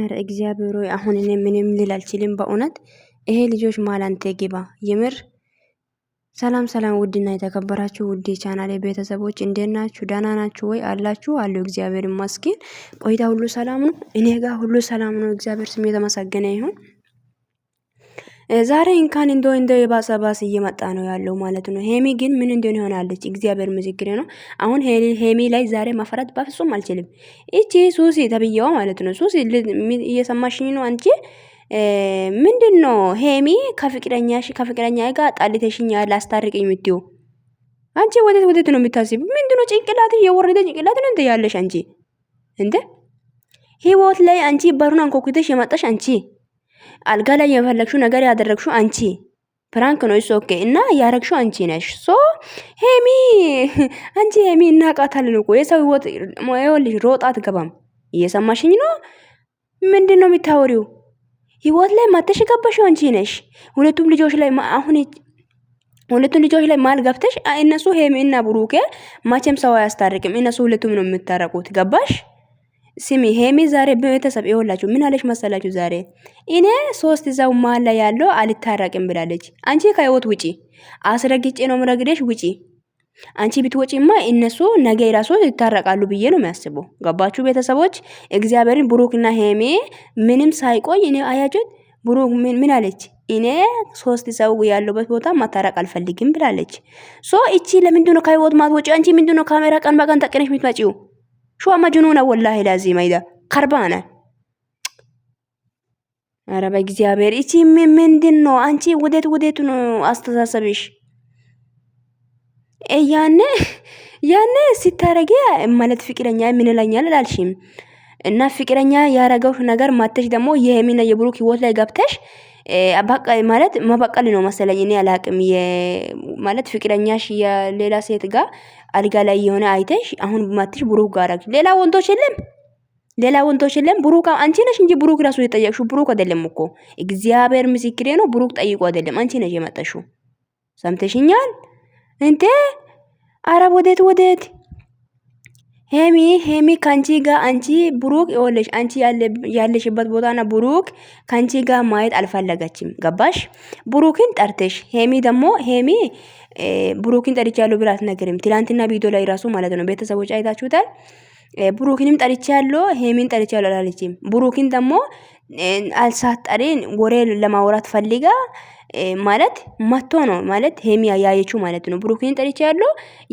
ኧረ እግዚአብሔር ሆይ አሁን እኔ ምንም ልል አልችልም። በእውነት ይሄ ልጆች አንተ ግባ የምር። ሰላም ሰላም፣ ውድና የተከበራችሁ ውድ ቻናሌ ቤተሰቦች እንዴት ናችሁ? ደህና ናችሁ ወይ? አላችሁ አሉ። እግዚአብሔር ይመስገን። ቆይታ ሁሉ ሰላም ነው፣ እኔ ጋር ሁሉ ሰላም ነው። እግዚአብሔር ስም የተመሰገነ ይሁን። ዛሬ እንካን እንደ እንደ የባሰ ባስ እየመጣ ነው ያለው ማለት ነው። ሄሚ ግን ምን እንደሆነ ይሆናለች። እግዚአብሔር ምስክሬ ነው። አሁን ሄሚ ላይ ዛሬ ማፈራት በፍጹም አልችልም። እቺ ሱሲ ተብዬዋ ማለት ነው። ሱሲ እየሰማሽኝ ነው አንቺ ምንድን ነው ሄሚ ከፍቅረኛሽ ከፍቅረኛ ጋር ጣልተሽኛ ላስታርቅ የምትዩ አንቺ ወዴት ወዴት ነው የምታስብ? ምንድነው ጭንቅላት የወረደ ጭንቅላት ነው እንደ ያለሽ አንቺ እንደ ህይወት ላይ አንቺ በሩን አንኮኩተሽ የመጣሽ አንቺ አልጋ ላይ የፈለግሹ ነገር ያደረግሹ አንቺ ፕራንክ ነው እሱ ኦኬ። እና ያረግሹ አንቺ ነሽ። ሶ ሄሚ አንቺ ሄሚ እናቃታለን እኮ የሰው ህይወት ልጅ ሮጣ አትገባም። እየሰማሽኝ ነው? ምንድን ነው የሚታወሪው? ህይወት ላይ ማተሽ የገባሽው አንቺ ነሽ። ሁለቱም ልጆች ላይ አሁን ሁለቱም ልጆች ላይ ማል ገብተሽ እነሱ ሄሚ እና ብሩኬ መቼም ሰው አያስታርቅም። እነሱ ሁለቱም ነው የምታረቁት። ገባሽ? ስሚ ሄሚ ዛሬ በቤተሰብ ይወላችሁ ምን አለች መሰላችሁ? ዛሬ እኔ ሶስት ዛው ማለ ላይ ያለው አልታረቅም ብላለች። አንቺ ከህይወት ውጪ አስረግጬ ነው ምረግደሽ ውጪ። አንቺ ብትወጪማ እነሱ ነገ ራሱ ይታረቃሉ ብዬ ነው የሚያስበው። ገባችሁ ቤተሰቦች? እግዚአብሔርን ብሩክና ሄሚ ምንም ሳይቆይ እኔ አያችሁት። ብሩክ ምን አለች? እኔ ሶስት ሰው ያለበት ቦታ ማታረቅ አልፈልግም ብላለች። ሶ እቺ ለምንድነው ከህይወት ማትወጪ? አንቺ ምንድነው ካሜራ ቀን በቀን ተቀነሽ የምትመጪው? ሸዋ መጅኑነ ወላሂ ላዚም አይዳ ከርባነ ኧረ በእግዚአብሔር እቺ ምንድን ነው አንቺ? ወዴት ወዴት ነው አስተሳሰብሽ? ያኔ ያኔ ሲታረጊ ማለት ፍቅረኛ የምንለኛል አላልሽም እና ፍቅረኛ ያረገው ነገር ማተሽ ደግሞ የሄሚና የብሩክ ህይወት ላይ ገብተሽ ማለት መበቀል ነው መሰለኝ። እኔ አላቅም ማለት ፍቅረኛሽ የሌላ ሴት ጋር አልጋ ላይ የሆነ አይተሽ አሁን ማትሽ ብሩክ ጋር አረግሽ። ሌላ ወንዶች የለም ሌላ ወንዶች የለም። ብሩክ አንቺ ነሽ እንጂ ብሩክ ራሱ የጠየቅሽው ብሩክ አይደለም እኮ እግዚአብሔር ምስክሬ ነው። ብሩክ ጠይቆ አይደለም አንቺ ነሽ የመጣሽው። ሰምተሽኛል እንቴ አረብ ወዴት ወዴት ሄሚ ሄሚ ከአንቺ ጋ አንቺ ብሩክ ይወለሽ አንቺ ያለሽበት ቦታና ብሩክ ከአንቺ ጋ ማየት አልፈለገችም። ገባሽ? ብሩክን ጠርተሽ ሄሚ ደግሞ ሄሚ ብሩክን ጠርቻለሁ ብላ አትነግርም። ትላንትና ቪዲዮ ላይ ራሱ ማለት ነው ቤተሰቦች አይታችሁታል። ብሩክንም ጠርቻለሁ ሄሚን ጠርቻለሁ አላለችም። ብሩክን ደግሞ አልሳጠሬን ወሬ ለማውራት ፈልጋ ማለት መቶ ነው ማለት ሄሚ ያየችው ማለት ነው። ብሩክን ጠርቻለሁ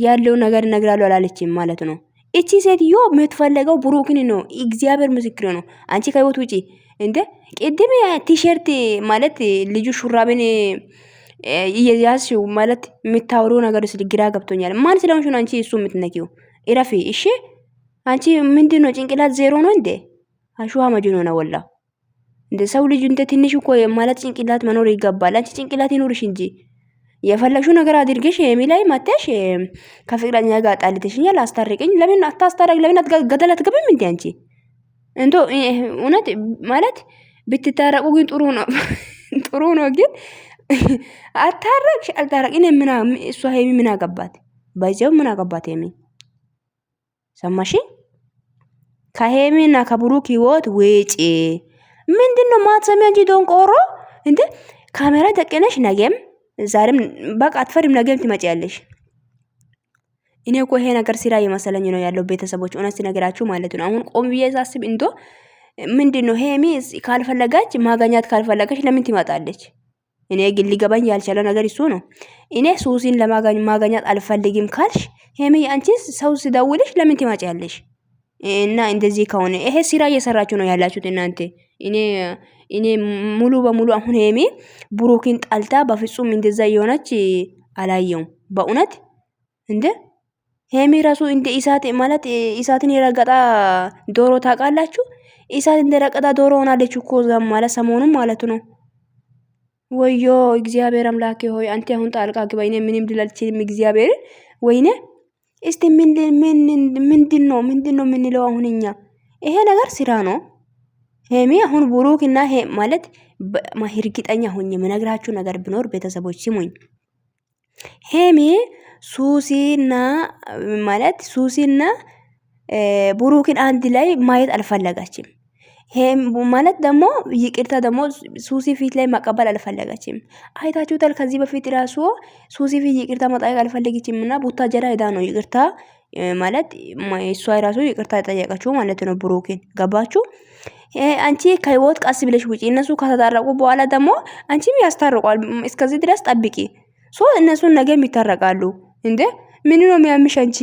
ያለው ነገር ነግራለሁ አላለችም ማለት ነው። እቺ ሴትዮ የምትፈለገው ብሩክን ነው። እግዚአብሔር ምስክር ነው። አንቺ ከህይወት ውጪ እንደ ቅድም ቲሸርት ማለት ልጁ ሹራብን እየያዝ ማለት የምታወሩ ነገር ስል ግራ ገብቶኛል። ማን ስለሆንሽ ነው አንቺ እሱ የምትነኪው? እረፊ እሺ። አንቺ ምንድን ነው ጭንቅላት ዜሮ ነው እንዴ? አሹሃ መጅኖ ነው ወላ እንደ ሰው ልጅ እንደ ትንሽ እኮ ማለት ጭንቅላት መኖር ይገባል። አንቺ ጭንቅላት ይኖርሽ እንጂ የፈለግሽው ነገር አድርገሽ ሄሚ ላይ መጥተሽ ከፍቅረኛ ጋር ጣልተሽኛል፣ አስታርቅኝ። ለምን አታስታርቅ? ለምን ገደል አትገቢም? እንዲ አንቺ እንዶ እውነት ማለት ብትታረቁ ግን ጥሩ ነው፣ ጥሩ ነው። ግን አታረቅሽ አልታረቅ ምና እሷ ሄሚ ምን አገባት? ባይዘው ምን አገባት? ሄሚ ሰማሽ? ከሄሚ እና ከብሩክ ህይወት ውጪ። ምንድን ነው ማትሰሚያ እንጂ ዶንቆሮ እንዴ! ካሜራ ደቅነሽ ነገም ዛሬም በቃ አትፈሪም፣ ነገም ትመጪያለሽ። እኔ እኮ ይሄ ነገር ስራ እየመሰለኝ ነው ያለው። ቤተሰቦች እውነት ሲነግራችሁ ማለት ነው። አሁን ቆም ብዬ ሳስብ እንዶ ምንድን ነው ሄሚ ካልፈለጋች ማገኛት ካልፈለጋች ለምን ትመጣለች? እኔ ግን ሊገባኝ ያልቻለው ነገር እሱ ነው። እኔ ሱሲን ለማገኛት አልፈልግም ካልሽ ሄሚ አንቺ ሰው ሲደውልሽ ለምን ትመጪያለሽ? እና እንደዚህ ከሆነ ይሄ ስራ እየሰራችሁ ነው ያላችሁት እናንተ እኔ እኔ ሙሉ በሙሉ አሁን ሄሜ ብሩክን ጠልታ በፍጹም እንደዛ የሆነች አላየውም። በእውነት እንደ ሄሜ ራሱ እንደ ኢሳት ማለት ኢሳትን የረገጣ ዶሮ ታውቃላችሁ? ኢሳት እንደረቀጣ ዶሮ ሆናለች እኮ ዛም ማለት ሰሞኑን ማለት ነው። ወዮ እግዚአብሔር አምላኬ ሆይ አንተ አሁን ጣልቃ ግባ። እኔ ምንም ልል እግዚአብሔር ወይኔ እስቲ ምንድን ነው ምንድን ነው የምንለው? አሁን እኛ ይሄ ነገር ስራ ነው። ሄሚ አሁን ቡሩክ እና ሄ ማለት እርግጠኛ ሆኝ የምነግራችሁ ነገር ቢኖር ቤተሰቦች ሲሙኝ፣ ሄሚ ሱሲና ማለት ሱሲና ቡሩክን አንድ ላይ ማየት አልፈለጋችም። ማለት ደግሞ ይቅርታ ደግሞ ሱሲ ፊት ላይ ማቀበል አልፈለገችም። አይታችሁታል። ከዚህ በፊት ራሱ ሱሲ ፊት ይቅርታ መጠየቅ አልፈለገችም እና ጀራ ሄዳ ነው ይቅርታ ማለት እሷ የራሱ ይቅርታ ጠየቀችው ማለት ነው። ብሩኬን ገባችሁ? አንቺ ከህይወት ቀስ ብለሽ ውጪ። እነሱ ከተታረቁ በኋላ ደግሞ አንቺም ያስታርቋል። እስከዚህ ድረስ ጠብቂ። ሶ እነሱን ነገም ይታረቃሉ። እንዴ ምን ነው የሚያምሽ አንቺ?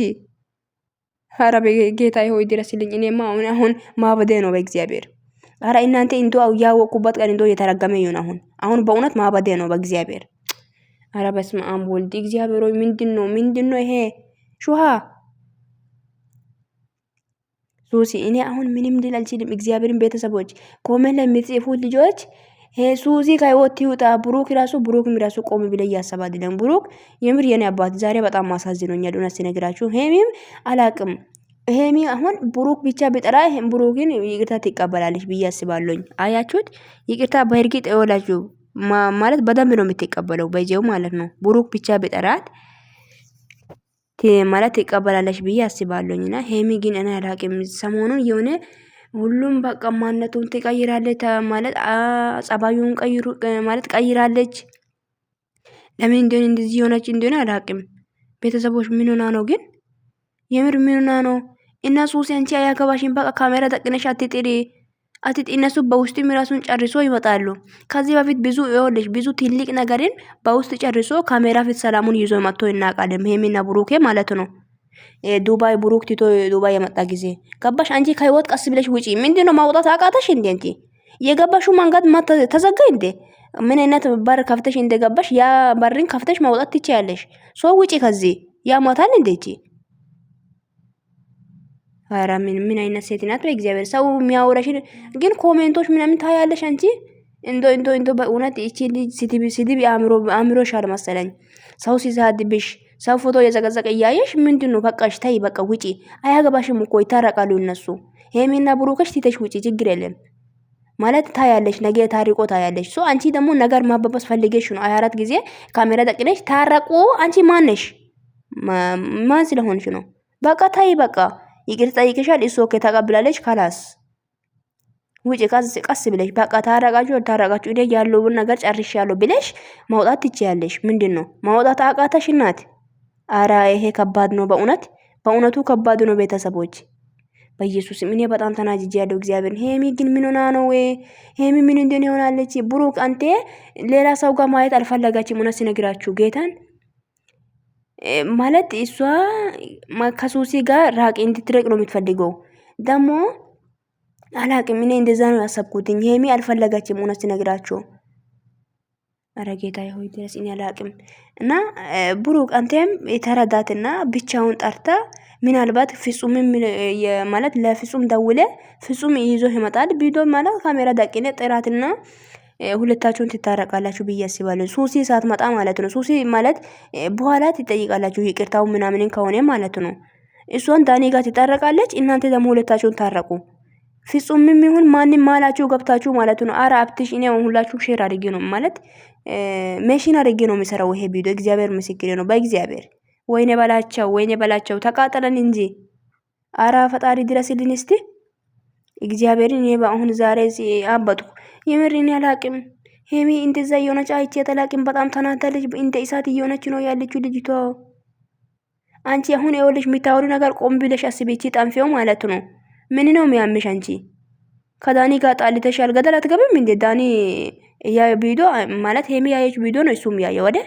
ኧረ ጌታ ሆይ ድረስልኝ። እኔማ አሁን አሁን ማበዴ ነው በእግዚአብሔር። ኧረ እናንተ እንዶ ያወቁበት ቀን እንዶ እየተረገመ ይሁን። አሁን አሁን በእውነት ማበዴ ነው በእግዚአብሔር። ኧረ በስመ አብ ወልድ እግዚአብሔር ሆይ ምንድን ነው ምንድን ነው ይሄ ሹሃ ሱሲ እኔ አሁን ምንም ልል አልችልም። እግዚአብሔርን ቤተሰቦች ኮሜንት ላይ የምትጽፉ ልጆች ሱሲ ከህይወት ይውጣ። ብሩክ ራሱ ብሩክ ራሱ ቆም ብለ እያሰብ አይደለም። ብሩክ የምር የኔ አባት ዛሬ በጣም ማሳዝኖኛል። ዶና ሲነግራችሁ ሄሚም አላቅም። ሄሚ አሁን ብሩክ ብቻ ቢጠራ ብሩክን ይቅርታ ትቀበላለች ብዬ አስባለኝ። አያችሁት? ይቅርታ በእርግጥ ወላችሁ ማለት በደንብ ነው የምትቀበለው። በዚው ማለት ነው ብሩክ ብቻ ቢጠራት ማለት ይቀበላለች ብዬ አስባለኝ። ና ሄሚ ግን እኔ አላቅም ሰሞኑን የሆነ ሁሉም በቃ ማነቱን ትቀይራለች ማለት ጸባዩን ቀይሩ ማለት ቀይራለች። ለምን እንዲሆን እንደዚህ የሆነች እንደሆነ አላቅም። ቤተሰቦች ምን ሆና ነው ግን? የምር ምን ሆና ነው? እና ሱሲ አንቺ አያገባሽን በቃ ካሜራ ጠቅነሽ አትጥሪ አቲት እነሱ በውስጥም ራሱን ጨርሶ ይመጣሉ። ከዚህ በፊት ብዙ ይወልሽ ብዙ ትልቅ ነገርን በውስጥ ጨርሶ ካሜራ ፊት ሰላሙን ይዞ መጥቶ እናውቃለን። ሄሚና ብሩኬ ማለት ነው። ዱባይ ብሩክ ቲቶ ዱባይ የመጣ ጊዜ ገባሽ። አንቺ ከህይወት ቀስ ብለሽ ውጪ። ምንድን ነው ማውጣት አቃተሽ እንዴ? አንቺ የገባሹ መንገድ ተዘጋ እንዴ? ምን አይነት በር ከፍተሽ እንደገባሽ ያ በርን ከፍተሽ ማውጣት ትችያለሽ። ሶ ውጪ ከዚህ ያማታል እንዴ? ኧረ ምን ምን አይነት ሴት ናት? በእግዚአብሔር ሰው የሚያወራሽን ግን ኮሜንቶች ምናምን ታያለሽ አንቺ። እንዶ እንዶ እንዶ በእውነት እቺ ልጅ ሲቲቪ ሲቲቪ አምሮ አምሮ ሻል መሰለኝ። ሰው ሲሳድብሽ ሰው ፎቶ የዘቀዘቀ እያየሽ ምንድነው? በቃሽ ተይ፣ በቃ ውጪ። አያገባሽም እኮ ይታረቃሉ እነሱ። ሄሜና ብሩከሽ ትተሽ ውጪ፣ ችግር የለም ማለት ታያለሽ፣ ነገ ታሪቆ ታያለሽ። ሶ አንቺ ደግሞ ነገር ማባበስ ፈልገሽ ነው። አያራት ጊዜ ካሜራ ጠቅለሽ ታረቁ። አንቺ ማነሽ? ማን ስለሆንሽ ነው? በቃ ታይ፣ በቃ ይቅርታ ጠይቅሻል። እሱ ኦኬ ተቀብላለች። ካላስ ውጭ ቀስ ቀስ ብለሽ በቃ ታረቃችሁ ታረቃችሁ እኔ ያለውን ነገር ጨርሻለሁ ብለሽ ማውጣት ትችያለሽ። ምንድን ነው ማውጣት አቃተሽ እናት? አራ ይሄ ከባድ ነው በእውነት በእውነቱ ከባድ ነው። ቤተሰቦች በኢየሱስ እኔ በጣም ተናጅጄ ያለው እግዚአብሔር። ሄሚ ግን ምን ሆና ነው? ወይ? ሄሚ ምን እንደሆነ ሆናለች። ብሩክ አንቴ ሌላ ሰው ጋር ማየት አልፈለጋችም። እውነት ሲነግራችሁ ጌታን ማለት እሷ ከሱሲ ጋር ራቅ እንድትረቅ ነው የምትፈልገው። ደግሞ አላቅም እኔ እንደዛ ነው ያሰብኩትኝ። ሄሚ አልፈለጋችም እውነት ነግራቸው ረጌታ ሆይ ድረስ እኔ አላቅም። እና ብሩክ አንተም የተረዳትና ብቻውን ጠርታ ምናልባት ፍጹም ማለት ለፍጹም ደውለ ፍጹም ይዞ ይመጣል ቢዶ ማለት ካሜራ ዳቂነ ጥራትና ሁለታችሁን ትታረቃላችሁ ብዬ አስባለሁ። ሱሲ መጣ ማለት ነው። ሱሲ ማለት በኋላ ትጠይቃላችሁ ይቅርታው ምናምንን ከሆነ ማለት ነው። እሷን ዳኔ ጋር ትታረቃለች። እናንተ ደግሞ ሁለታችሁን ታረቁ። ፍጹምም ይሁን ማንም ማላችሁ ገብታችሁ ማለት ነው። አረ አብትሽ እኔ አሁን ሁላችሁ ሼር አድርጌ ነው ማለት መሽን አድርጌ ነው የሚሰራው ይሄ ቪዲዮ። እግዚአብሔር ምስክሬ ነው። በእግዚአብሔር ወይኔ በላቸው፣ ወይኔ በላቸው። ተቃጠለን እንጂ አረ ፈጣሪ ድረስልን እስቲ እግዚአብሔርን። እኔ በአሁን ዛሬ አበጥኩ። የምር እኔ አላቅም። ሄሚ እንደዛ የሆነች አይቼ አላቅም። በጣም ተናዳለች። እንደ እሳት እየሆነች ነው ያለችው ልጅቷ። አንቺ አሁን የወለሽ የሚታወሩ ነገር ቆም ብለሽ አስቤቺ ጣንፌው ማለት ነው። ምን ነው የሚያምሽ አንቺ? ከዳኒ ጋር ጣልተሽ ገደል አትገብም እንዴ? ዳኒ ያ ቪዲዮ ማለት ሄሚ ያየች ቪዲዮ ነው እሱም ያየ ወደ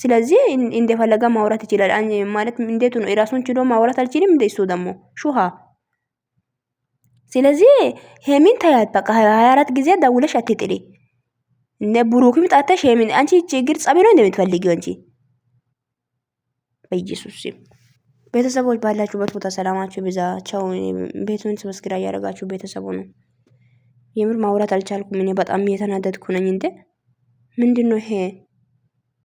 ስለዚህ እንደፈለጋ ማውራት ይችላል ማለት እንዴት ነው? የራሱን ችሎ ማውራት አልችልም እንደ እሱ ደግሞ ሹሃ ስለዚህ ሄሚን ተያት። በቃ 24 ጊዜ ደውለሽ አትጥሪ። እነ ብሩክም ጣተሽ ሄሚን አንቺ ችግር ጸብ ነው እንደምትፈልጊው አንቺ። በኢየሱስ ቤተሰቦች ባላችሁበት ቦታ ሰላማችሁ ብዛቸው። ቤቱን ሰብስክራ እያደረጋችሁ ቤተሰቡ ነው። የምር ማውራት አልቻልኩም እኔ በጣም እየተናደድኩ ነኝ። እንዴ ምንድን ነው ይሄ?